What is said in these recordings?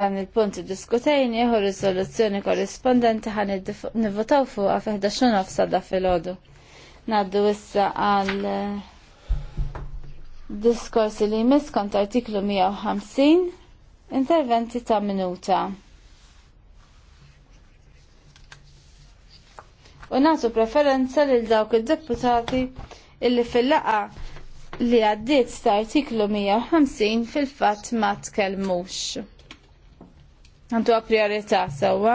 Dan il diskutajni, diskutejni u korrespondenti korrispondenti il nivvotaw fu għaf 11 nofsa da fil-ħodu. Naddu issa għal eh, diskorsi li jmiss kont artiklu 150 interventi ta' minuta. U natu preferenza lil dawk id-deputati illi fil-laqa li għaddiet ta' artiklu 150 fil-fat ma tkellmux għandu priorità sawa.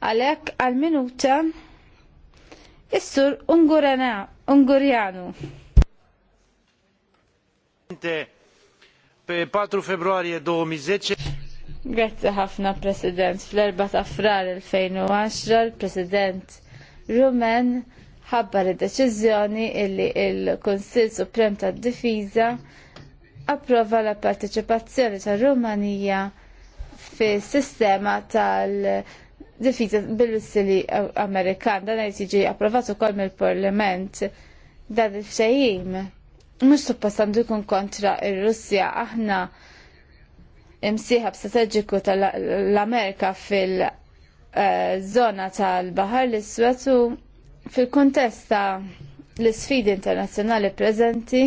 Għalek għal minuta is-sur Ungurjanu. Pe 4 februari 2010 Grazzi ħafna President. Fl-4 ta' frar 2010 il-President Rumen ħabbar id deċizjoni illi il konsil Suprem tad-Difiża approva la partecipazzjoni ta' rumanija fis sistema tal- Difiza bil-Russili Amerikan, dan għajt jiġi approvat ukoll mill-Parlament, dan il fsejim Mux suppost għandu jkun kontra il-Russja, aħna imsieħab strateġiku tal-Amerika fil-zona tal-Bahar l swetu fil-kontesta l-sfidi internazzjonali prezenti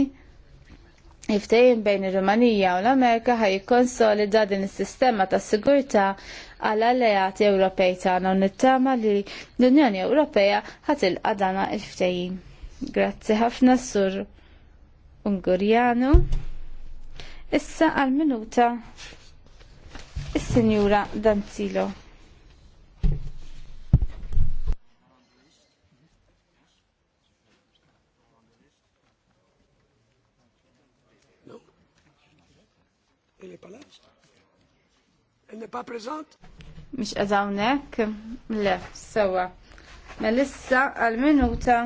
Iftejn bejn ir-Rumanija u l-Amerika ħaj jikkonsolida din is-sistema ta' sigurtà għal alleati Ewropej tagħna u nittama li l-Unjoni Ewropea ħatilqa' dana l-ftehim. Grazzi ħafna sur Ungurjanu. Issa għal minuta is-Sinjura Danzilo. n'est pas présente? Mish għazawnek, le, sewa. Melissa għal-minuta.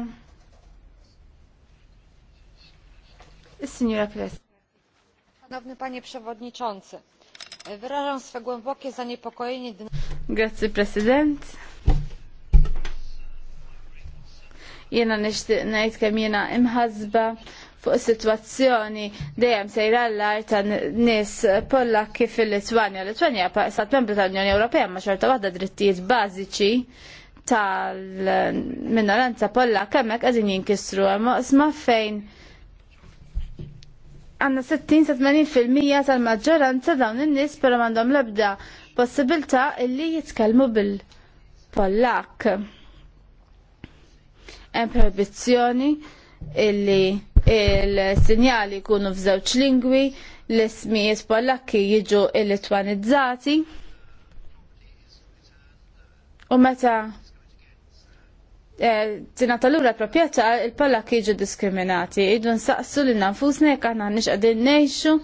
Is-Signora Kres. Szanowny Panie Przewodniczący, wyrażam swe głębokie zaniepokojenie... Grazie, Prezydent. Jena nishtiq najt kem jena imħazba fuq situazzjoni dejjem sejra l art ta' nis Pollakki fil-Litwanja. Litwanja sat membru tal-Unjoni Ewropea ma' xorta waħda drittijiet bażiċi tal-minoranza Pollakka hemmhekk qegħdin jinkisru hemm oqsma fejn għanna 60-80% tal-maġġoranza dawn in-nies però m'għandhom l-ebda possibilità illi jitkellmu bil-Pollak. Hemm proibizzjoni illi il-sinjali jkunu f'żewġ lingwi, l-ismijiet pollakki jiġu il-litwanizzati. U meta eh, tina l-ura proprjetà il-pollakki jiġu diskriminati. id nsaqsu saqsu l jekk aħna nix għadin neħxu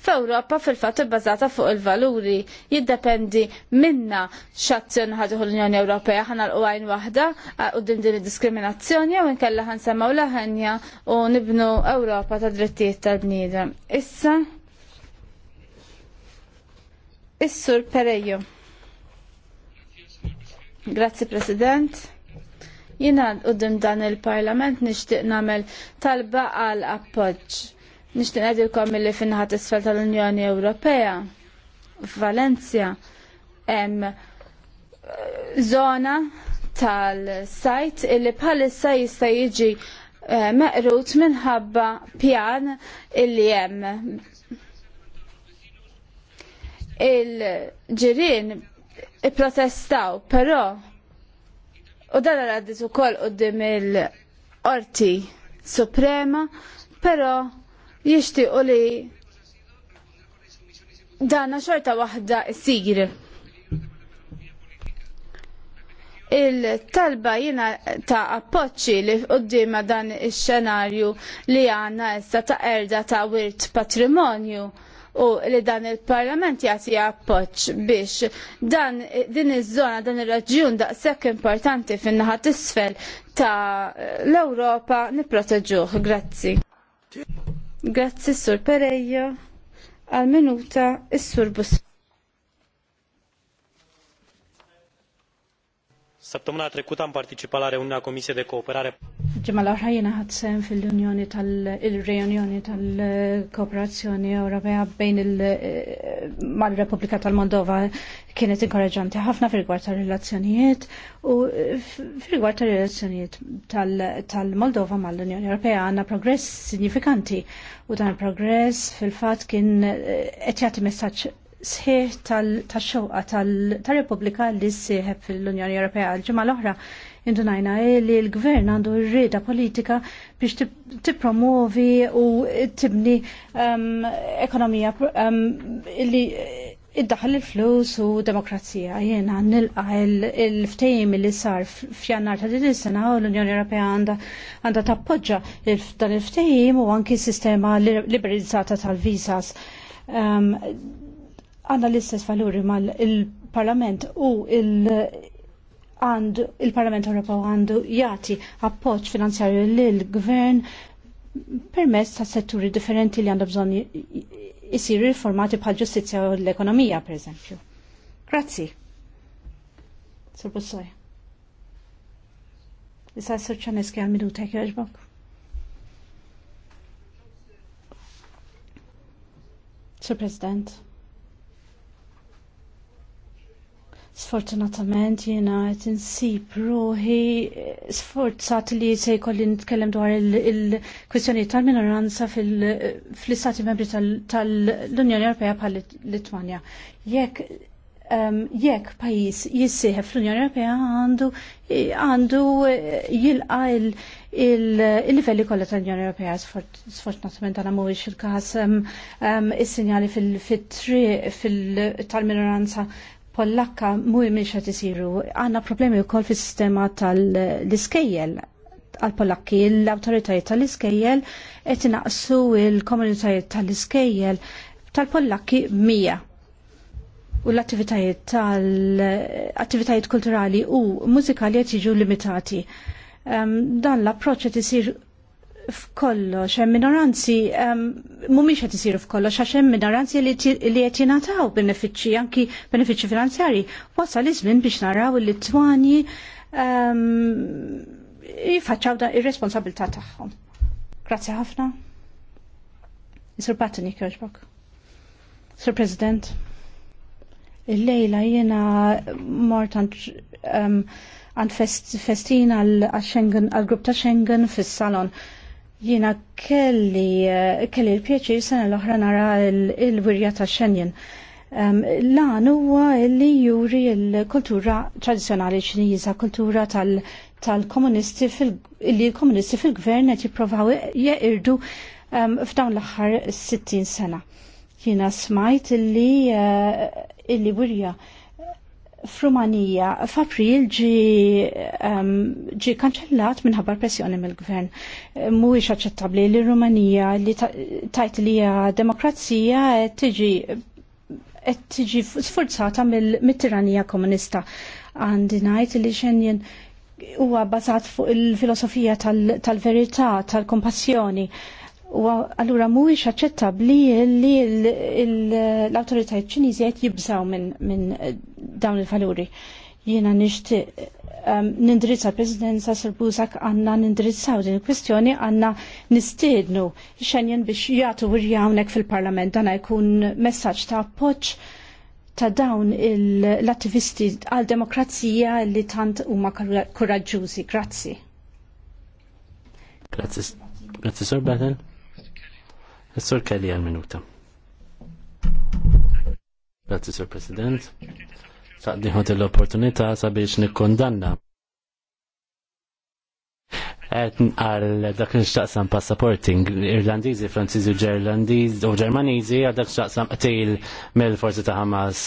f'Ewropa fil-fatt ibbażata fuq il-valuri jiddependi minna x'azzjoni ħaduħu l-Unjoni Ewropea ħana l għajn waħda quddiem din id-diskriminazzjoni jew inkella ħansemmaw laħenja u nibnu Ewropa ta' drittijiet tal-bniedem. Issa Is-Sur Perejo. Grazzi President jina għoddim dan il-parlament nixtieq nagħmel talba għal appoġġ Nishtin għedilkom il li finħat isfel tal-Unjoni Ewropea, f'Valencia, em eh, zona tal-sajt illi bħalissa jista' jiġi eh, meqrut minħabba pjan illi hemm. Il-ġirien protestaw, però u dan għaddit ukoll qudiem il-Qorti Suprema, però jixtiequ li dana xorta waħda s-sigri. Il-talba jina ta' appoċċi li qoddima dan il-xenarju li għanna issa ta' erda ta' wirt patrimonju u li dan il-parlament jagħti appoċ biex dan din iż-żona dan ir-raġjun daqshekk importanti fin-naħa t'isfel ta' l-Ewropa nipproteġuh. Grazzi. Grazzi Sur Pereja, al minuta is-Sur Bus. Săptămâna trekkuta am participat la reuniunea de kooperare. Ġimma l-oħra jena ħadsem fil-Unjoni tal-Reunjoni tal-Kooperazzjoni Ewropea bejn il-Repubblika tal-Moldova kienet inkoraġanti ħafna fil-gwar tal-relazzjonijiet u fil-gwar tal-relazzjonijiet tal-Moldova mal-Unjoni Ewropea għanna progress signifikanti u dan progress fil-fat kien etjati eh, messaċ sħiħ tal-xewqa tal-Repubblika li sieħeb fil-Unjoni Ewropea għal-ġimgħa l-oħra indunajna li l-gvern għandu rrida politika biex tippromovi u tibni um, ekonomija um, li id-daħal il-flus u demokrazija jena nilqa il-ftejim li sar f'jannar ta' din is-sena u l-Unjoni Ewropea għandha tappoġġa dan il-ftejim u anki s sistema liberalizzata tal-visas um, għanna l-istess valuri mal il-Parlament u il- għandu il-Parlament Ewropew għandu jati appoġġ finanzjarju lill-Gvern permezz ta' setturi differenti li għandu bżonn jisiru riformati bħal ġustizzja u l-ekonomija, per eżempju. Grazzi. Sir Bussoj. Issa Sir Ċaneski għal minuta jħoġbok. Sir President. Sfortunatament jiena qed insib ruħi sforzat li se jkolli nitkellem dwar il-kwistjoni tal-minoranza fl-istati membri tal-Unjoni Ewropea bħal Litwanja. Jekk ehm, jekk pajis jissieħeb fl-Unjoni Ewropea għandu għandu eh, jilqa il-livelli kollha tal-Unjoni Ewropea sfortunatament dan mhuwiex il-każ ehm, ehm, is-sinjali fil-triq tal-minoranza Pollakka mhuwiex qed isiru. għanna problemi wkoll fis-sistema tal-iskejjel għal pollakki l-autoritajiet tal-iskejjel qed inaqsu l-komunitajiet tal-iskejjel tal-Pollakki mija u l-attivitajiet tal-attivitajiet kulturali u mużikali qed jiġu limitati. Um, dan l-approċċ qed isir f'kollox, hemm minoranzi mhumiex qed isiru f'kollox għax hemm minoranzi li qed jingħataw benefiċċji anki benefiċċji finanzjarji. Wasa li żmien biex naraw il-Litwani jifaċċaw da ir-responsabilità tagħhom. Grazzi ħafna. Sir Patini Kirchbach. Sir President. Il-lejla jiena mort għand festina għal-Grupp ta' Schengen fis-salon. Jina kelli, eh, kelli l-pieċir sena l-oħra nara il-wirja ta' Xenjen. Lan huwa li juri l-kultura tradizjonali ċiniża, kultura tal-komunisti li l-komunisti fil-gvern qed jippruvaw jeqirdu f'dawn l-aħħar 60 sena. Jina smajt eh, illi wirja uh, Frumanija f'April ġi um, ġi kanċellat minħabba pressjoni mill-gvern. Eh, mhuwiex aċċettabbli li Rumanija li tajt li hija demokrazija tiġi qed tiġi sforzata mit-tiranija komunista. Għandi ngħid li xenjen huwa bbażat fuq il-filosofija tal-verità, tal-kompassjoni. tal verità tal kompassjoni U allura mhuwiex aċċettabbli li l-awtoritajiet Ċiniżi qed jibżaw minn dawn il-valuri. Jiena nixtieq ehm, nindirizza l-Presidenza Sir Busak għandna nindirizzaw din il-kwistjoni għandna nistiednu xenjen biex jagħtu wirja hawnhekk fil-Parlament dan jkun messaġġ ta' appoġġ ta' dawn l-attivisti għal demokrazija li tant huma kuraġġużi. Grazzi. Grazzi. Grazzi Sir Batten. Is-sur Kelly għal-minuta. Grazie, Sur President. Saqdiħot l-opportunità sabiex nikkondanna għet għal dak nxtaqsam passaporting irlandizi, franzizi, ġerlandizi u ġermanizi għal dak nxtaqsam qtil mill-forzi ta' Hamas.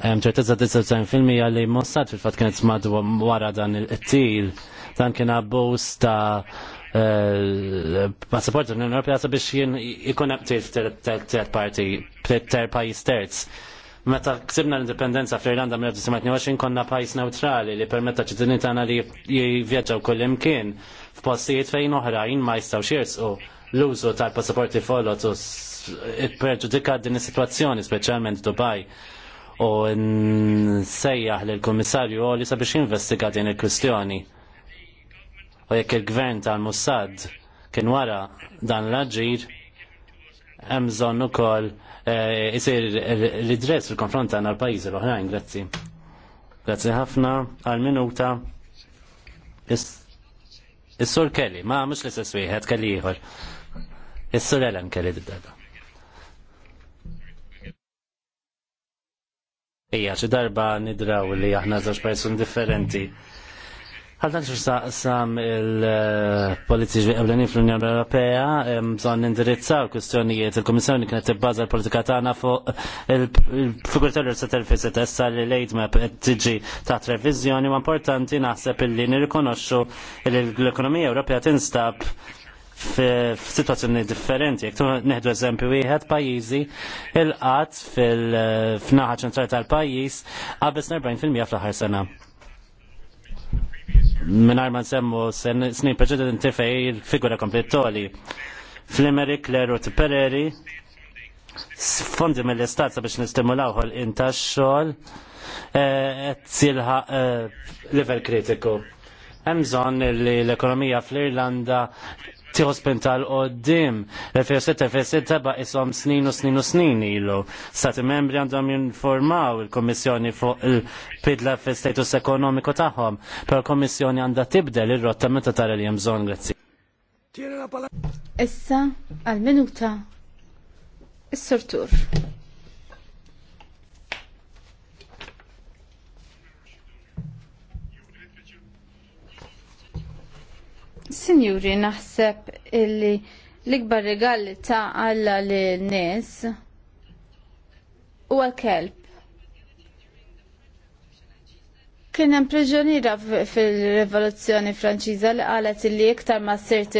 ċertezza t-istazzajn 99% li Mossad fil-fat kienet smadu wara dan il-qtil dan kien abbuż ta' passaport l-Unjoni Ewropea sabiex jien ikun hemm ter parti ter pajjiż terz. Meta ksibna l-indipendenza fl-Irlanda mill-1928 konna pajjiż neutrali li permetta ċittadini tagħna li jivvjaġġaw kull imkien f'postijiet fejn oħrajn ma jistgħux jersqu l-użu tal-passaporti folot u perġudika din is-sitwazzjoni speċjalment Dubai u nsejjaħ lill-Kummissarju li sabiex jinvestiga din il-kwistjoni. il kwistjoni U jekk il-gvern tal-Mussad kien wara dan l-aġir, hemm bżonn ukoll eh, isir l-idress fil-konfront għandna l-pajjiżi l-oħrajn, grazzi. Grazzi ħafna għal-minuta. Is-sur Kelly, ma mhux l-istess wieħed Kelly ieħor. Is-sur Ellen Kelly dibda. Ija, xi darba nidraw li aħna żewġ person differenti Għal dan sam il-politiċi għablanin fl-Unjoni Ewropea, bżon indirizzaw kustjonijiet il-Komissjoni kienet tibbaza l-politika tagħna fuq il-figur tal-Ursa li tiġi ta' treviżjoni u importanti naħseb illi nirrikonoxxu l-ekonomija Ewropea tinstab f-situazzjoni differenti. Jek neħdu eżempju wieħed pajjiżi il-qatt fil-naħa ċentrali tal-pajjiż qabes 40% fl-aħħar sena minar ma nsemmu snin preċedenti fej il-figura komplettoli. eru t Pereri, fondi mill-istat sabiex nistimulaw għal intax xol, għet eh, silħa eh, level kritiku. Emżon li l-ekonomija fl-Irlanda tiħosbin tal-qoddim. 2006-2006 ba' isom snin u snin u snin ilu. Stati membri għandhom jinformaw il-Komissjoni fuq il-pidla fi status ekonomiku tagħhom, per l-Komissjoni għandha tibdel ir-rotta meta tara li hemm bżonn grazzi. Issa għal-minuta is-sortur. Sinjuri, naħseb illi l-ikbar regal li ta' għalla li nis u għal-kelb. Kien hemm priġuniera fil-Rivoluzzjoni Franċiża li qalet li iktar ma sirt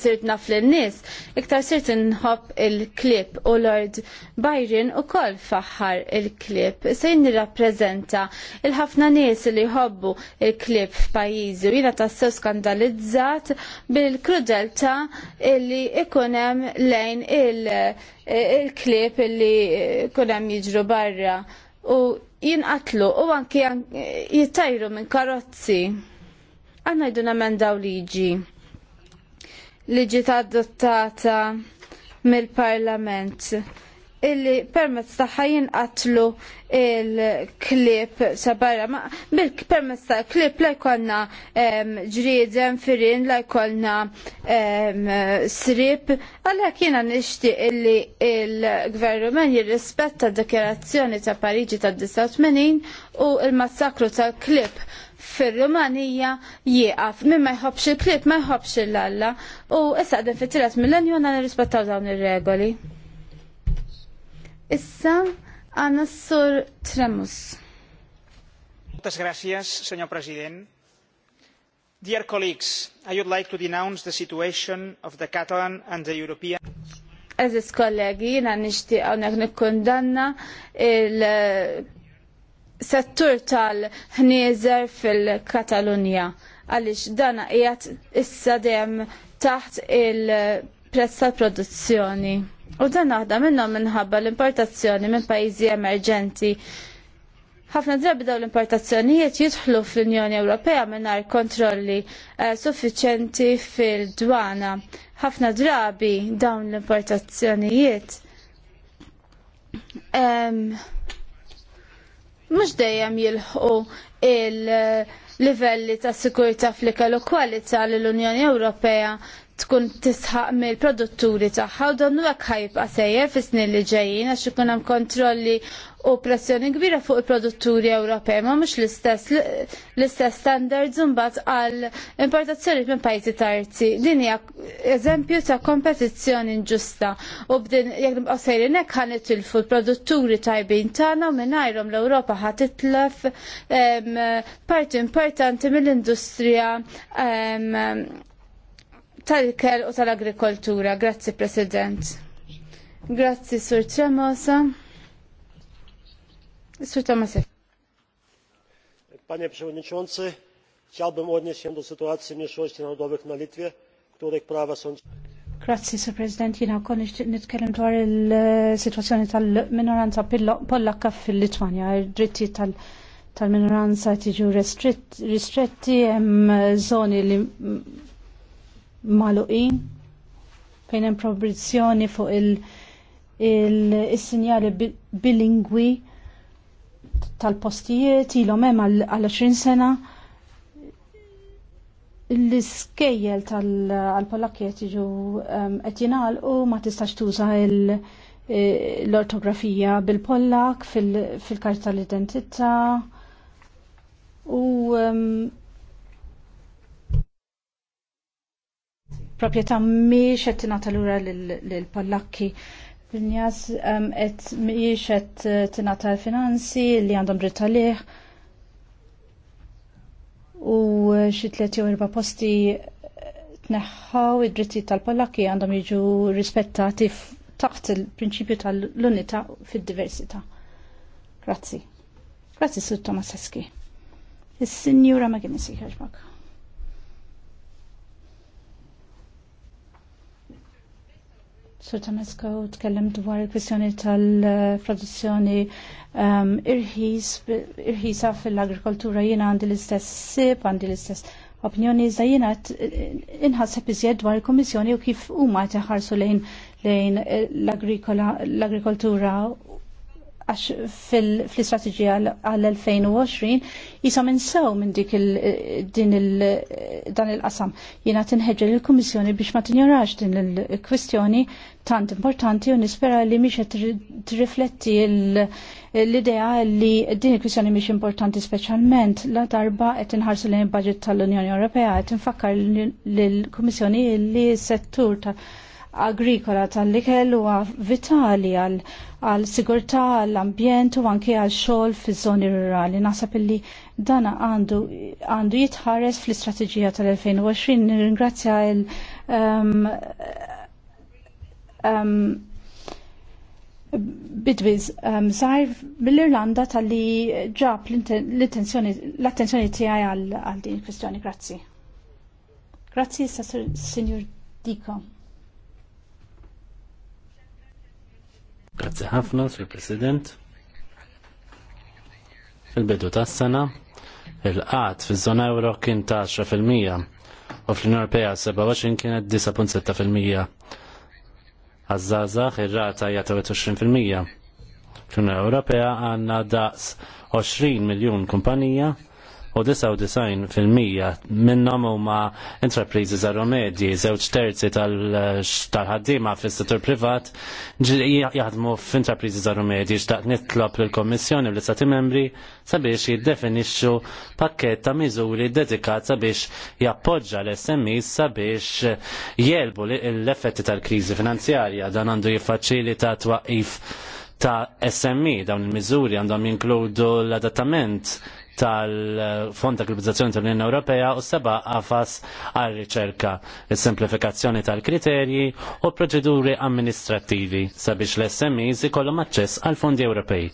sirt naf lin-nies, iktar sirt inħobb il klieb u Lord Byron ukoll faħħar il klieb Se nirrappreżenta il-ħafna nies li jħobbu il-klib f'pajjiżi u jiena tassew skandalizzat bil-krudelta li ikun hemm lejn il klieb il li kunem jiġru barra u jinqatlu u anki jittajru minn karozzi. Għanna jdu daw liġi. Liġi ta' adottata mill-parlament illi permezz tagħha jinqatlu il-klip sabarra. Bil-permezz ta' klip la jkollna ġriedem firin, la jkollna srib, għalhekk jiena nixtieq illi il-gvernumen jirrispetta d-dikjarazzjoni ta' Pariġi ta' 89 u l massakru tal-klip fir rumanija jieqaf. Min ma jħobx il-klip ma jħobx il alla u issa għadin fit-tilet mill-Unjoni nirrispettaw dawn ir-regoli. Issa għanna s-sur Tremus. Muchas gracias, señor president. Dear colleagues, I would like to denounce the situation of the Catalan and the European Eżis kollegi, jina nishti għonek nikkundanna il-settur eh, tal-ħnieżer fil-Katalunja. Għalix dana qiegħed issa dem taħt il pressa tal-produzzjoni. U dan naħda minnhom minħabba l-importazzjoni minn pajjiżi emerġenti. Ħafna drabi daw l-importazzjonijiet jidħlu fl-Unjoni Ewropea mingħajr kontrolli eh, suffiċenti fil-dwana. Ħafna drabi dawn l-importazzjonijiet. Mhux dejjem jilħqu il- livelli ta' sikurta fl-ikel u kwalità l-Unjoni Ewropea tkun tisħaq mill-produtturi tagħha u donnu hekk ħajbqa' sejjer fis-snin li ġejjin għax ikun hemm kontrolli u pressjoni kbira fuq il-produtturi Ewropej ma mhux l-istess l-istess standards imbagħad għal importazzjoni minn pajjiżi tarzi. Din hija eżempju ta' kompetizzjoni inġusta u b'din jekk nibqgħu sejrin hekk ħan l-produtturi tajbin tagħna u mingħajrhom l-Ewropa ħatitlef parti importanti mill-industrija tal-ikel u tal-agrikoltura. Grazzi, President. Grazzi, Sur Tremosa. Sur Tremosa. Panie Przewodniczący, chciałbym odnieść się do sytuacji mniejszości narodowych na Litwie, których prawa są... Grazzi, Sir President. Jina u konix nitkellem dwar il-situazzjoni tal-minoranza pollakka fil litwania Dritti tal-minoranza tiġu ristretti, jem zoni li maluqin fejn hemm proibizzjoni fuq il-sinjali il, il bilingwi tal-postijiet ilhom hemm għal 20 sena l-iskejjel tal-polakkiet jiġu ehm, qed jingħalqu ma tistax tuża l-ortografija bil-Pollak fil-karta tal-identità u um, proprjetà mhix qed tingħata lura lill-Pollakki. Vinjas qed um, mhix qed tingħata l-finanzi li għandhom dritt għalih u xi tliet jew erba' posti tneħħaw id dritti tal-Pollakki għandhom jiġu rispettati taħt il-prinċipju tal-unità fid-diversità. Grazzi. Grazzi, Sur Tomaseski. Is-Sinjura ma kien isiħħaġ Sur Tamasko tkellem dwar il-kwistjoni tal-produzzjoni um, irħisa fil-agrikoltura jiena għandi l-istess sib, għandi l-istess opinjoni iżda jiena inħasseb iżjed dwar il-Kummissjoni u kif huma teħarsu lejn lejn l-agrikoltura għax fil-istrateġija għal-2020 jisom insaw minn dik din dan il-qasam. Jina tinħeġġel il-Kummissjoni biex ma tinjorax din il-kwistjoni tant importanti u nispera li miex trifletti l-idea li din il-kwistjoni miex importanti speċjalment la darba qed inħarsu lejn budget tal-Unjoni Ewropea qed infakkar lill-Kummissjoni li settur tal- agrikola tal-likel huwa vitali għal sigurtà għall-ambjent u anke għal xogħol fiż-żoni rurali. Naħseb illi dan għandu għandu jitħares fl-istrateġija tal-2020. Nirringrazzja il um, um, Bidwiz, um, zaħir mill-Irlanda tal-li ġab l-attenzjoni tijaj għal din kwestjoni. Grazzi. Grazzi, Signor Diko. Grazzi ħafna, Sir President. Fil-bidu tas sena il-qat fiż-żona euro kien ta' 10% u fl-Unjoni Ewropea 27 kienet 9.6%. Għazzazax ir-rata hija 23%. Fl-Unjoni Ewropea għandna daqs 20 miljun kumpanija u 99% minnhom huma intrapriżi żaru medji, żewġ terzi tal ħaddima fis-settur privat jaħdmu f'intrapriżi żaru medji xtaqt nitlob lill komissjoni u l-Istati Membri sabiex jiddefinixxu pakkett ta' miżuri dedikat sabiex jappoġġa l-SMEs sabiex jelbu l-effetti tal-kriżi finanzjarja dan għandu jiffaċilita twaqif ta' SME dawn il-miżuri għandhom jinkludu l-adattament tal-Fond ta' Globalizzazzjoni tal-Unjoni Ewropea u seba' għafas għal riċerka il-semplifikazzjoni tal-kriterji u proċeduri amministrattivi sabiex l-SMEs ikollhom aċċess għal fondi Ewropej.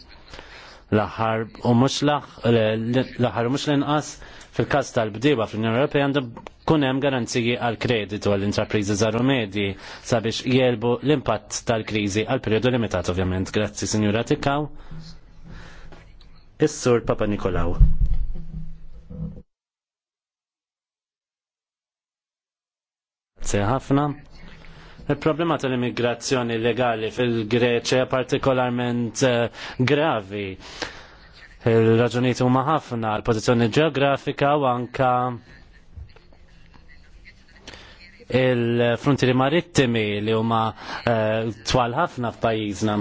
L-aħħar u mhux l-inqas fil-każ tal-bdiewa fl-Unjoni Ewropea għandu kun hemm garanziji għal kreditu għall intrapriżi żaru medji sabiex jelbu l-impatt tal-kriżi għal perjodu limitat ovvjament. Grazzi, Sinjura Tikaw. Is-Sur Papa Nikolaw. Grazie ħafna. Il-problema tal-immigrazzjoni legali fil-Greċja partikolarment eh, gravi. Il-raġunijiet huma ħafna, l-pożizzjoni ġeografika u anka il-frontieri marittimi li huma eh, twal ħafna f'pajjiżna.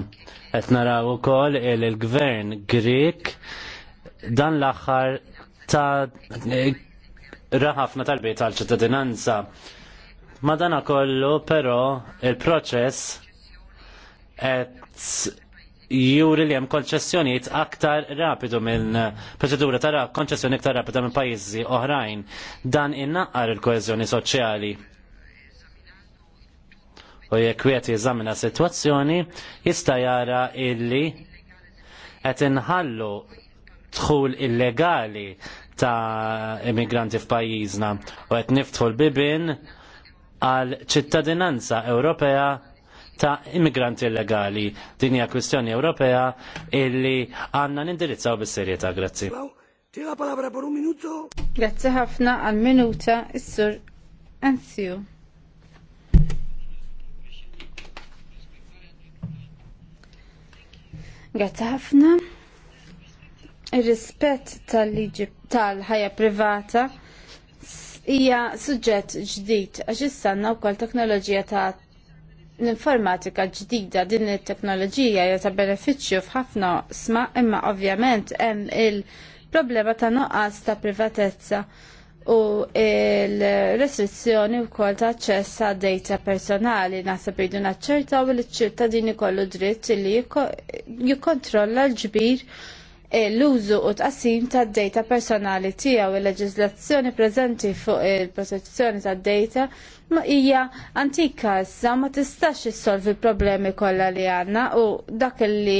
Qed naraw ukoll il-gvern Grik dan l-aħħar ta' eh, raħafna tal-bejt tal ċittadinanza. Madana kollu però il-proċess qed juri li hemm konċessjonijiet aktar rapidu minn proċedura ta' konċessjoni aktar rapida minn pajjiżi oħrajn dan innaqqar il-koeżjoni soċjali u jekk wieħed jeżamina sitwazzjoni jista' jara illi qed inħallu dħul illegali ta' immigranti f'pajjiżna u qed niftħu l-bibin għal ċittadinanza Ewropea ta' immigranti illegali. Din hija kwistjoni Ewropea illi għandna nindirizzaw bis-serjetà. Grazzi. Tira minuto. Grazzi ħafna għal minuta is-sur Anzio. Grazie ħafna. Ir-rispett tal-liġi tal-ħajja privata hija suġġett ġdid għax issanna wkoll teknoloġija ta' l-informatika ġdida din it-teknoloġija hija ta' benefiċċju f'ħafna sma imma ovvjament hemm il- problema ta' noqqas ta' privatezza u il-restrizzjoni u kol ta' ċess għad data personali nasab idu naċċertaw li ċ-ċittadini kollu dritt li jikkontrolla l-ġbir E, l-użu u t-qassim tad data personali tiegħu il leġizlazzjoni preżenti fuq il-protezzjoni tad data ma hija antika issa ma tistax issolvi problemi kollha li għandna u dak li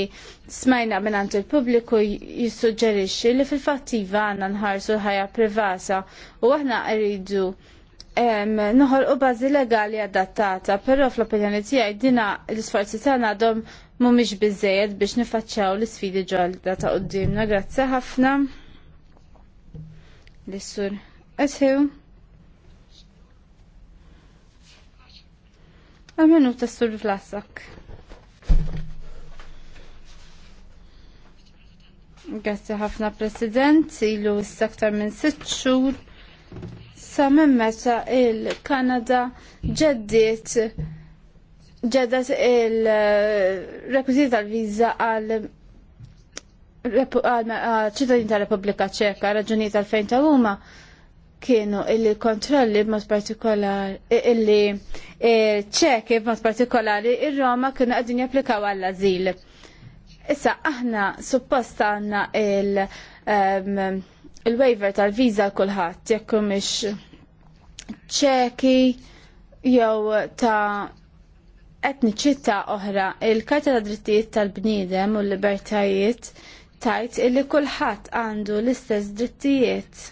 smajna minn il-pubbliku jissuġġerixxi li fil-fattiva għandna nħarsu ħajja privata u aħna rridu Noħol u bazi legali adattata, però fl-opinjoni tiegħi dina l-isforzi tagħna għadhom mhumiex bizzejed biex nifaċċaw l-isfidi ġolda ta' qudiemna. Grazzi ħafna l-sur Qesħew. Għamenu sur flasak. Grazzi ħafna President, ilu s-saktar minn sitt sa minn meta il-Kanada ġeddiet ġedet il-rekwiziti tal-viza għal ċittadin tal-Repubblika Ċeka, raġuni tal-fejn ta' huma kienu illi kontrolli b'mod partikolari illi ċeki b'mod partikolari ir-Roma kienu qegħdin japplikaw għall-azil. Issa aħna suppost għandna il-waiver tal-viża kulħadd jekk mhix ċeki jew ta' etniċità oħra. Il-Karta ta' Drittijiet tal-Bniedem u l-Libertajiet tajt illi kulħadd għandu l-istess drittijiet.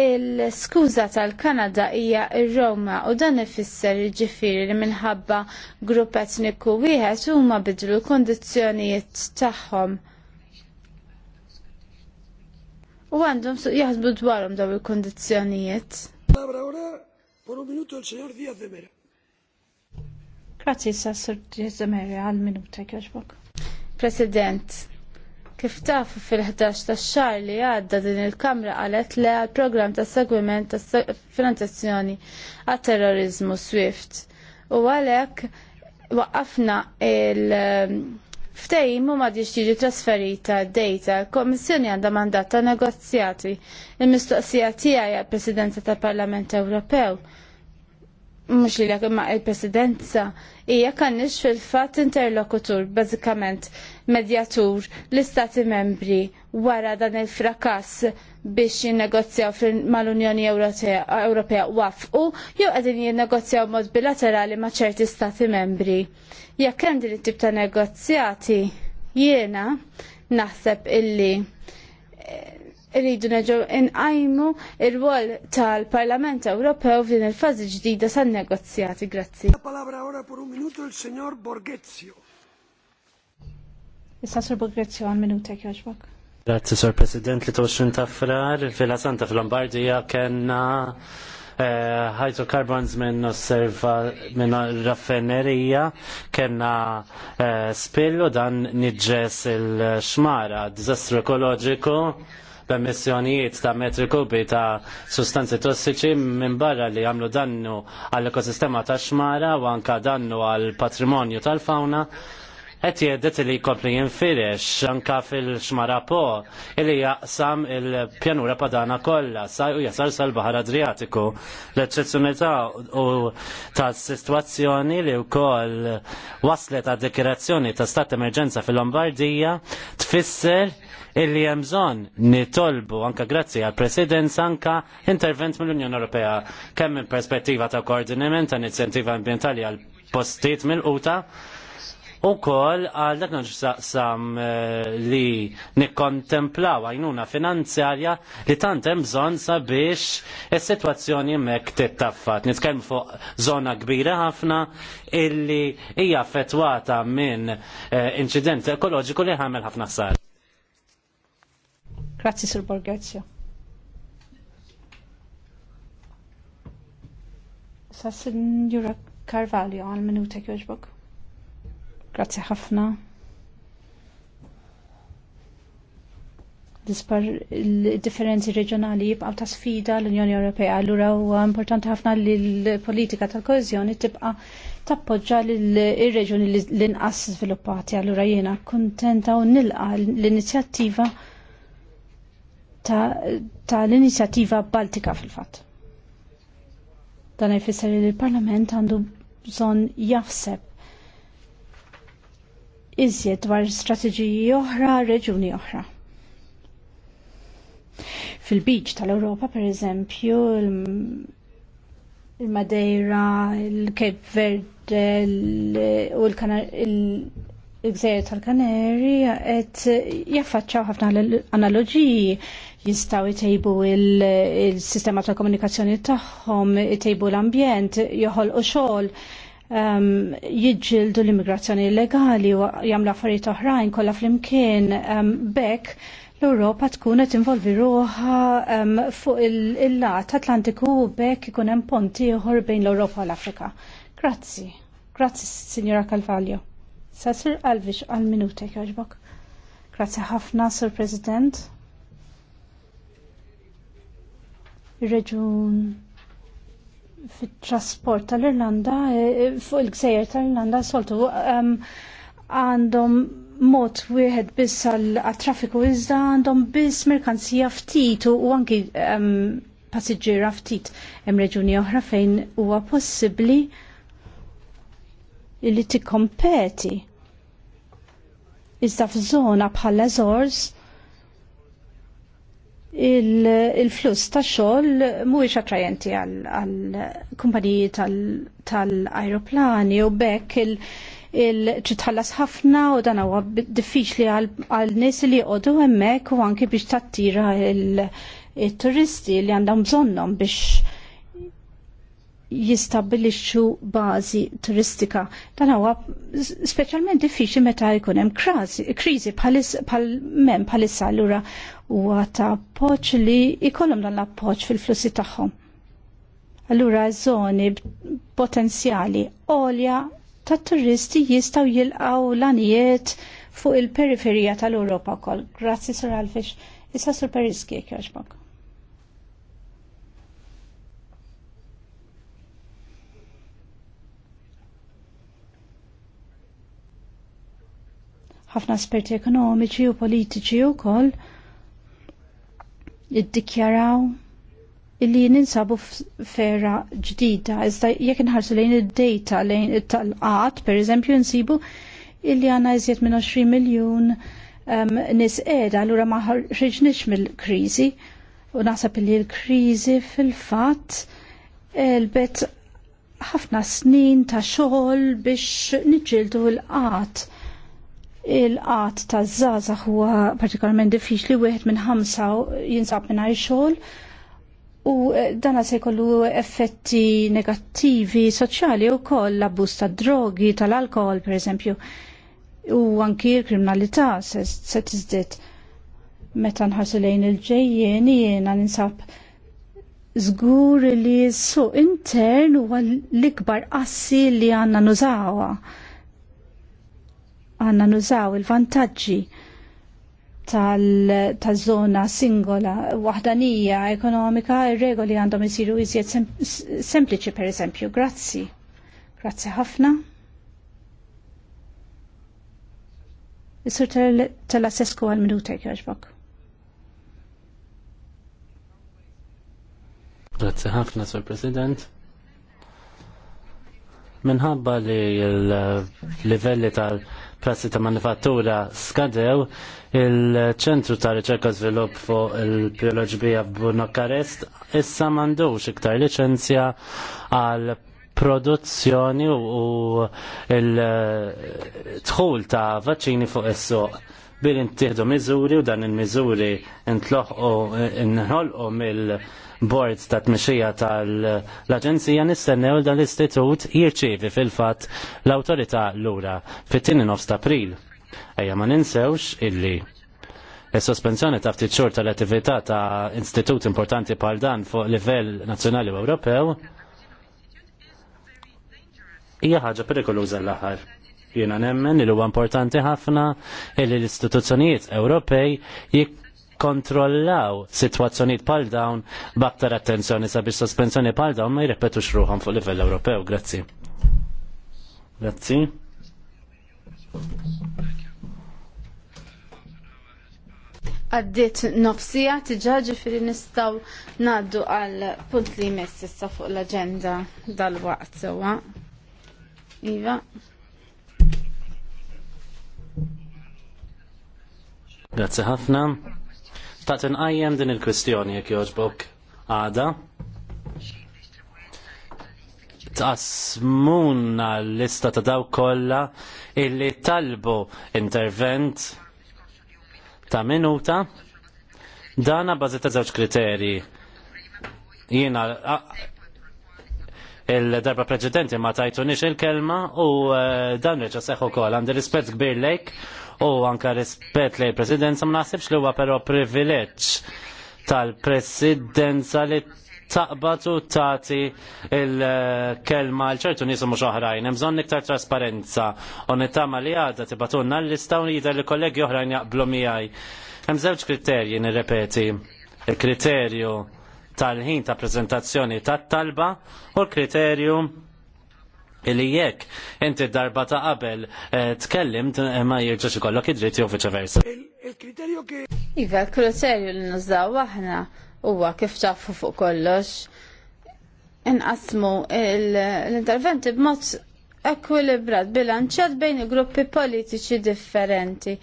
Il-skuża tal-Kanada hija ir-Roma u dan ifisser ġifiri li minħabba grupp etniku wieħed huma bidlu l-kondizzjonijiet tagħhom. U għandhom suq jaħsbu dwarhom daw il-kondizzjonijiet. ora, por un minuto il-Senjor Diaz de Mera. Grazie, sa s-sirġizemeri għal-minuta kħaxbok. President, kif tafu fil-11 ta' xar li għadda din il-Kamra għalet le għal-program ta' segwiment ta' finanzazzjoni għat terrorizmu SWIFT. U għalek waqqafna il-ftejm u madix jiġi trasferita d-data. Komissjoni għanda mandat ta' negozjati. Il-mistoqsija tijaj għal-Presidenza tal Parlament Ewropew mux li l ma il-presidenza, ija kannix fil-fat interlokutur, bazzikament medjatur, l-istati membri wara dan il-frakas biex jinnegozjaw mal-Unjoni Ewropea wafqu, jew għedin jinnegozjaw mod bilaterali ma' ċerti stati membri. Jekk hemm din it-tip ta' negozjati, jiena naħseb illi rridu neġaw inqajmu il-wol tal-Parlament Ewropew f'din il fazi ġdida tan-negozjati. Grazzi. La palabra ora por un minuto il signor Borghezio. Issa Sir Borghezio għal minutek jogħġbok. Grazzi Sir President li toxin ta' frar fil Santa fil-Lombardija kena eh, hydrocarbons minn osserva minn raffinerija kena eh, spillu dan nidġes il-xmara, dizastru ekoloġiku b'emissjonijiet ta' metri kubi ta' sustanzi tossiċi minn barra li għamlu dannu għall-ekosistema ta' xmara u anka dannu għall patrimonju tal-fawna qed jgħidet li jkompli jinfirex anka fil-xmara po illi jaqsam il-pjanura padana kollha saj u jasar sal-Baħar Adriatiku. L-eċċezzjonità u tas-sitwazzjoni li wkoll waslet għad dekirazzjoni ta' stat emerġenza fil-Lombardija tfisser illi hemm bżonn nitolbu anka grazzi għal presidenza anka intervent mill-Unjoni Ewropea kemm minn perspettiva ta' koordinament ta' inizjattiva ambientali għal postiet mill-quta U kol għal dak saqsam eh, li nikkontemplaw għajnuna finanzjarja li tantem bżon sabiex il-situazzjoni mek tittaffat. Nitkellmu fuq zona kbira ħafna illi hija affettwata minn eh, incident ekoloġiku li ħamel ħafna sar. Grazzi Sir Borghezio. Sassin Jura Carvalho għal minutek joġbok. Grazzi ħafna. Dispar il-differenzi reġjonali jibqaw ta' sfida l-Unjoni Ewropea, allura huwa importanti ħafna li l-politika ta' koeżjoni tibqa' tappoġġa l-reġjuni l-inqas sviluppati. Allura jiena kuntenta u nilqa l-inizjattiva ta' l-inizjattiva Baltika fil-fatt. Dan jfisser li l-Parlament għandu bżonn jafseb iżjed dwar strateġiji oħra, reġuni oħra. Fil-biċ tal-Europa, per eżempju, il-Madeira, il-Cape Verde u l-Gżejjer tal-Kaneri qed jaffacċaw ħafna analogiji jistaw jtejbu il-sistema tal komunikazzjoni tagħhom, jtejbu l-ambjent, joħolqu xogħol um, jidġildu l-immigrazzjoni illegali u jagħmlu affarijiet oħrajn kollha flimkien um, bekk l-Europa tkun qed involvi ruħa um, fuq il-lat Atlantiku u bekk ikun hemm ponti ieħor bejn l-Ewropa u l-Afrika. Grazzi. Grazzi, Signora Calvaglio. Sasir Alvix għal-minutek għaġbok. Grazzi ħafna, Sir President. Reġun fit-trasport tal-Irlanda, e, e, fuq il-gżejjer tal-Irlanda soltu għandhom mod wieħed biss għal-traffiku iżda għandhom biss merkanzija ftit u anki passiġġiera ftit hemm reġuni oħra fejn huwa possibbli li tikkompeti. Iżda f'żona bħala Azores il-flus ta' xogħol mhuwiex attrajenti għal kumpaniji tal ajroplani u bekk il-ċitħallas ħafna u dan huwa diffiċli għal nies li jqogħdu hemmhekk u anke biex tattira il-turisti li għandhom bżonnhom biex jistabilixxu bażi turistika. Dan huwa speċjalment diffiċli meta jkun hemm kriżi bħal mem bħalissa allura huwa ta' appoġġ li jkollhom dan l-appoġġ fil-flussi tagħhom. Allura żoni potenzjali għolja ta' turisti jistgħu jilqgħu lanijiet fuq il-periferija tal-Ewropa wkoll. Grazzi Sur Alfix. Issa Sur Periski jekk ħafna esperti ekonomiċi u politiċi u koll dikjaraw illi ninsabu fera ġdida. Iżda jekk nħarsu lejn id-data lejn tal-qat, per eżempju, nsibu illi għanna iżjed minn 20 miljon um, nis edha, allura ma ħriġniex mill-krizi. U naħseb li l-krizi fil-fat elbet ħafna snin ta' xogħol biex niġġieldu l-qat il-qat ta' zaza huwa partikolarment diffiċli wieħed minn ħamsa jinsab mingħajr xogħol u eh, dan se jkollu effetti negattivi soċjali wkoll l-abbuż tad drogi tal-alkohol pereżempju u anki l-kriminalità se tiżdied meta nħarsu lejn il-ġejjien jiena ninsab żgur li s-suq intern huwa l-ikbar qassi li għandna nużawha għanna nużaw il vantagġi tal-zona singola, wahdanija, ekonomika, regoli għandhom isiru iżjed sem sempliċi per eżempju. Grazzi. Grazzi ħafna. Is-sur -tal assesku għal minuta jaġbok. Grazzi ħafna, Sur President. Minħabba li l-livelli tal- prassi ta' manifattura skadew il-ċentru ta' riċerka svilupp fuq il-bioloġbija b'Bunokarest issa mandux iktar licenzja għal produzzjoni u il-tħul ta' vaċċini fuq is-suq bil intieħdu miżuri u dan il-miżuri intloħqu inħolqu mill- bord ta' tmexxija tal-Aġenzija nistennew dan l-istitut jirċievi fil-fatt l-awtorità lura fit-tieni nofs ta' April. Ejja ma ninsewx illi Is-sospensjoni ta' ftit xhur tal-attività ta' istitut importanti bħal dan fuq livell nazzjonali u Ewropew hija ħaġa perikoluża l-aħħar. Jiena nemmen li huwa importanti ħafna li l-istituzzjonijiet Ewropej jik jikkontrollaw sitwazzjonijiet bħal dawn b'aktar attenzjoni sabiex sospensjoni bħal dawn ma jirrepetux ruħhom fuq livell Ewropew. Grazzi. Grazzi. Għaddit nofsija tiġaġi fil nistaw naddu għal punt li jmess issa fuq l-agenda dal-waqt sewa. Iva. Grazie ħafna xtaqt inqajjem din il-kwistjoni jekk jogħġbok għada. Tqasmuna l-lista ta' daw kollha illi talbu intervent ta' minuta dana bażi ta' żewġ kriterji. Jiena il-darba preċedenti ma tajtunix il-kelma u eh, dan reċa seħu kol għandi rispet kbir lejk u anka rispett lejn presidenza ma naħsibx li huwa però privileġġ tal-presidenza li taqbad u tagħti il-kelma l ċertu nisu mhux oħrajn. Hemm bżonn iktar trasparenza u nittama li għadda tibatunna l-lista u jidher li kollegi oħrajn jaqblu miegħi. Hemm żewġ kriterji nirrepeti. Il-kriterju tal-ħin ta' prezentazzjoni tat-talba u l-kriterju Illi jekk inti darba ta' qabel eh, tkellimt eh, ma jirġax ikollok id-dritt jew viċeversa. Il-kriterju ki. Iva, l-kriterju li nużaw aħna huwa kif tafu fuq kollox inqasmu l-interventi b'mod ekwilibrat bilanċat bejn gruppi politiċi differenti.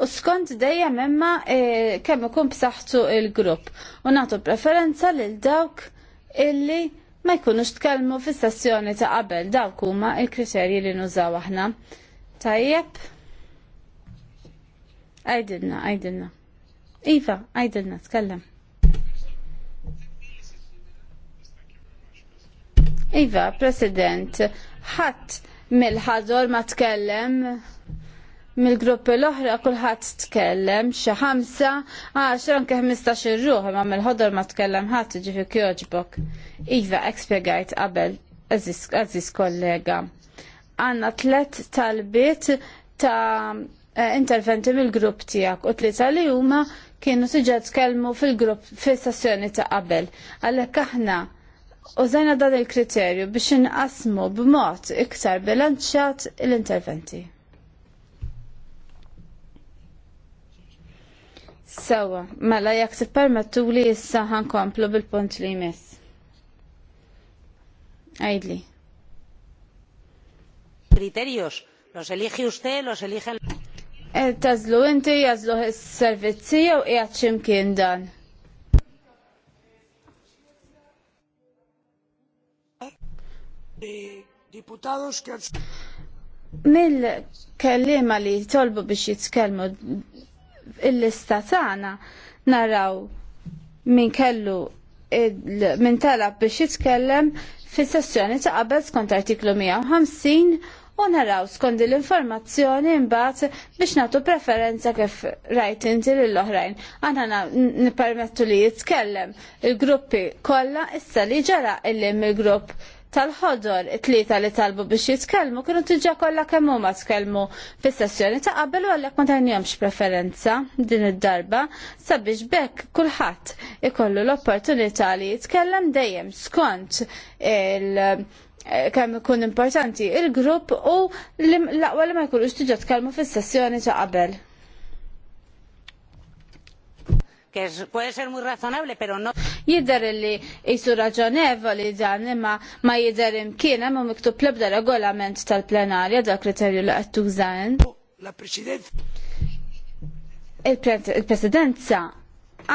U skont dejjem imma eh, kemm ikun b'saħħtu il-grupp u nagħtu preferenza lil dawk illi ma jkunux tkellmu fis-sessjoni ta' qabel dawk huma l-kriterji li nużaw aħna. Tajjeb. Għajdilna, għajdilna. Iva, għajdilna, tkellem. Iva, President, ħadd mill ħadur ma tkellem mill-gruppi l-oħra kulħadd tkellem xi ħamsa għaxra anke ħmistax ir-ruħ imma mill-ħodor ma tkellem ħadd ġifi kjoġbok. Iva hekk spjegajt qabel għażiż kollega. Għandna tlet talbiet ta' eh, interventi mill-grupp tiegħek u tlieta li huma kienu tiġa tkellmu fil-grupp fis-sessjoni ta' qabel. Għalhekk aħna użajna dan il-kriterju biex inqasmu b'mod iktar bilanċjat l-interventi. Sewa, mela jekk tippermettu li issa ħankomplu bil-punt li jmiss. Għajdli. Kriterios, los elige usted, los elige... E, Tazlu inti, jazlu s-servizzi jew qiegħed x'imkien dan. Mill-kellima li tolbu biex jitkellmu il-lista tagħna naraw min kellu min talab biex jitkellem fis sessjoni ta' qabel skont artiklu 150 u naraw skont l-informazzjoni mbagħad biex nagħtu preferenza kif rajt inti lill-oħrajn. Aħna nippermettu li jitkellem il-gruppi kollha issa li ġara illim il-grupp il grupp tal-ħodor it-tlieta li talbu biex jitkellmu kienu tiġa kollha kemm huma tkellmu fis-sessjoni ta' qabel u għalhekk ma tajniehomx preferenza din id-darba sabiex bekk kulħadd ikollu l-opportunità li jitkellem dejjem skont il- kemm ikun importanti il-grupp u l-aqwa li ma jkunux tiġa tkellmu fis-sessjoni ta' qabel que es, puede ser muy razonable, no. Jidher li jisu raġonevoli dan imma ma jidher imkien hemm miktub l-ebda regolament tal-plenarja dak kriterju li qed tużajn. Il-presidenza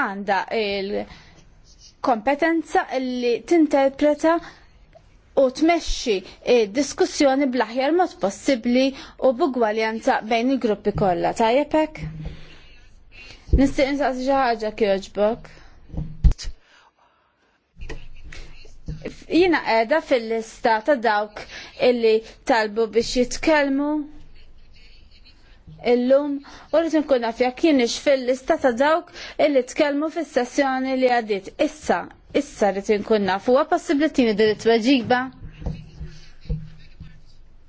għandha il-kompetenza li tinterpreta u tmexxi id-diskussjoni bl-aħjar mod possibbli u b'ugwaljanza bejn il-gruppi kollha. Tajjeb hekk? Nistiq nsaqsi xi ħaġa kjoġbok. Jina qiegħda fil-lista ta' dawk illi talbu biex jitkellmu illum u rrid nkun naf jekk kienx fil-lista ta' dawk illi tkellmu fis-sessjoni li għaddiet. Issa, issa rrid nkun naf huwa possibbli tieni din it-tweġiba?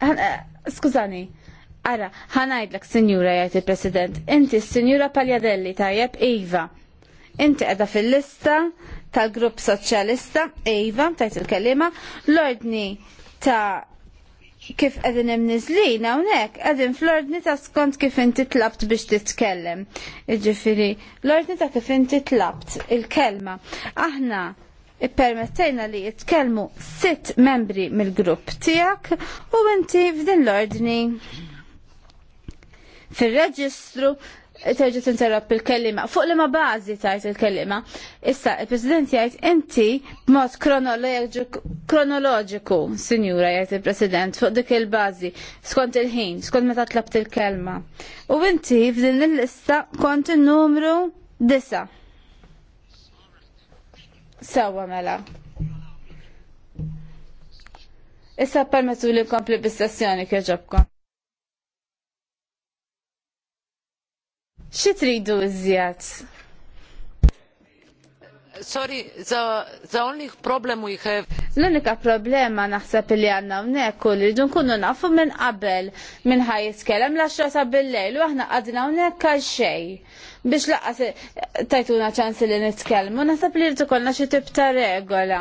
Eh, skużani, Ara, ħanajdlek, Sinjura, jgħid il-President, inti Sinjura Paljadelli tajjeb Iva. Inti qiegħda fil-lista tal-Grupp Soċjalista, Iva, tajt il-kelima, l-ordni ta' kif qegħdin hemm niżlin hawnhekk qegħdin fl-ordni ta' skont kif inti tlabt biex titkellem. Jiġifieri, l-ordni ta' kif inti tlabt il-kelma. Aħna ippermettejna li jitkellmu sitt membri mill-grupp tiegħek u inti f'din l-ordni fil-reġistru terġa tinterrop il-kellima. Fuq li ma bazi tajt il-kellima. Issa, il-President jgħid inti b'mod kronoloġiku, sinjura jgħid il-President, fuq dik il-bazi, skont il-ħin, skont meta tlabt il-kelma. U inti f'din il-lista kont il-numru disa. Sawa mela. Issa permettu li nkompli bis-sessjoni kieġobkom. Xi tridu iżjed? Sorry, the, the only problem we have. L-unika problema naħseb li għanna unnek u li nkunu nafu minn qabel minn ħaj jitkellem l-10 bil-lejl u aħna għadna unnek għal xej biex laqas eh, tajtuna ċansi li nitkellmu, nasab li rritu konna xie tip ta' regola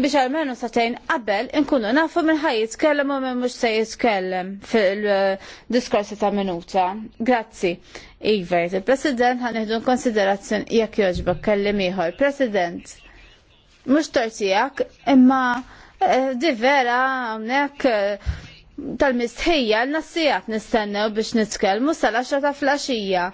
biex għalmenu satajn qabel inkunu nafu minn ħaj jitkellem u minn mux se jitkellem fil-diskorsi ta' minuta. Grazzi. Iver, il-President iħdu konsiderazzjoni jekk joġbok kellim ieħor. President, mhux torsijak imma eh, di vera hawnhekk eh, tal-mistħija l-nassijat nistennew biex nitkellmu sal-10 ta' flasġija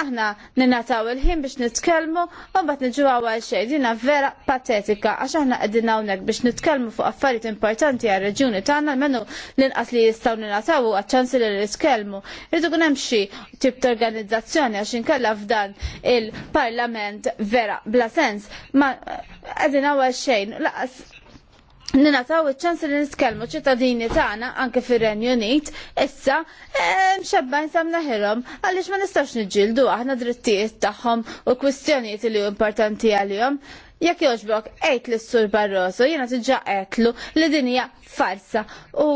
aħna ninataw il-ħin biex nitkellmu u bat nġu għal xejn dina vera patetika għax aħna qegħdin hawnhekk biex nitkellmu fuq affarijiet importanti għar reġjuni tagħna menu l-inqas li jistgħu ninataw għaċ-ċansi li nitkellmu. Rridu kun hemm xi tip ta' organizzazzjoni għax inkella f'dan il-Parlament vera bla sens ma eh, qegħdin għal xejn laqas Ninataw iċ-ċans li nitkellmu ċittadini tagħna anke fir-Renju Unit issa eh, mxebbajn sam ħilhom għaliex ma nistax niġġieldu aħna drittijiet tagħhom u kwistjonijiet li importanti għalihom. Jekk jogħġbok qejt lis sur Barroso jiena tiġà qetlu li din hija farsa u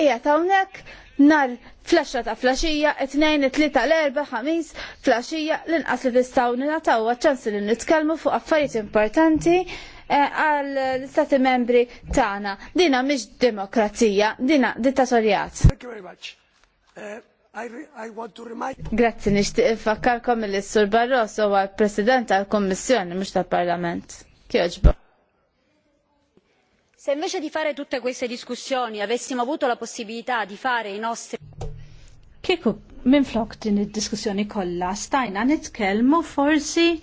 hija hawnhekk nar flasha ta' flasġija, it-nejn, it-tlita, l-erba, ħamis, flasġija, l-inqas li tistaw nataw ċans li nitkellmu fuq affarijiet importanti Eh, għal l-istati membri tagħna. Dina mhix demokrazija, dina dittatorjat. Thank you very much. Eh, Grazzi nixtieq infakkarkom il sur Barroso huwa president tal-Kummissjoni mhux tal-Parlament. Kjoġba. Se invece di fare tutte queste discussioni avessimo avuto la possibilità di fare i nostri Kieku, minflok din id-diskussjoni kollha stajna nitkellmu forsi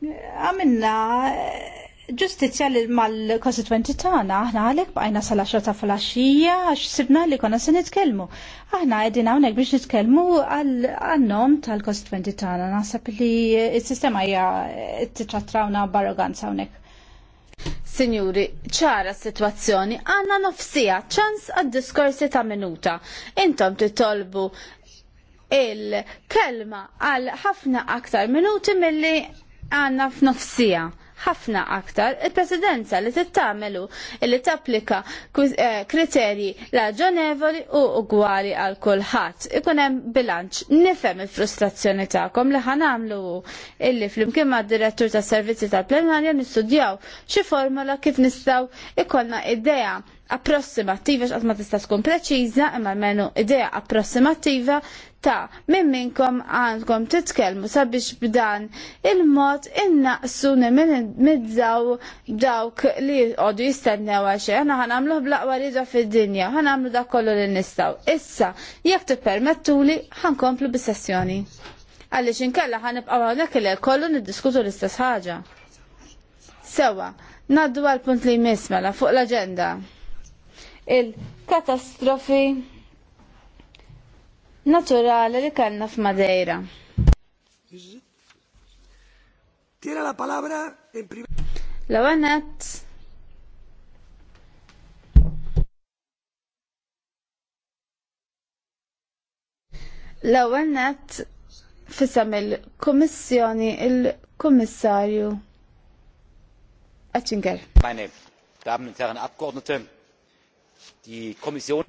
għamilna eh, ġustizja li mal kostituenti tagħna aħna għalhekk bajna sal-10 ta' flaxxija għax sibna li konna se nitkellmu. Aħna għedin hawnhekk biex nitkellmu għal nom tal kostituenti tana. Naħseb li s-sistema hija tiċċattrawna b'arroganza hawnhekk. Sinjuri, ċara s-sitwazzjoni nofsija ċans għad-diskorsi ta' minuta. Intom titolbu il-kelma għal ħafna aktar minuti milli għanna f'nofsija ħafna aktar il-presidenza li tittamelu li tapplika eh, kriterji raġonevoli u ugwali għal kulħadd. Ikun hemm bilanċ nifhem il-frustrazzjoni tagħkom li ħanamlu illi flimkien mad-direttur tas-servizzi tal-plenarja nistudjaw xi formola kif nistgħu ikollna idea approssimattiva x'qatt ma tista' tkun preċiża imma menu idea approssimattiva ta' minn minnkom għandkom titkellmu sabiex b'dan il-mod innaqsu nimizzaw dawk li għodu jistennew xejn Għana ħanamlu blaqwa rida fid-dinja, ħanamlu da kollu li nistaw. Issa, jekk tippermettuli ħankomplu bis-sessjoni. Għaliex inkella ħanibqaw hawnhekk li kollu niddiskutu l-istess ħaġa. Sewa, naddu għal-punt li jmiss mela fuq l-aġenda il-katastrofi naturali li kellna f'Madeira. Tiene la palabra en prima. La għanet La ewwel fissam il komissjoni il komissarju Oettinger. Meine Damen und Herren Abgeordnete, die kommission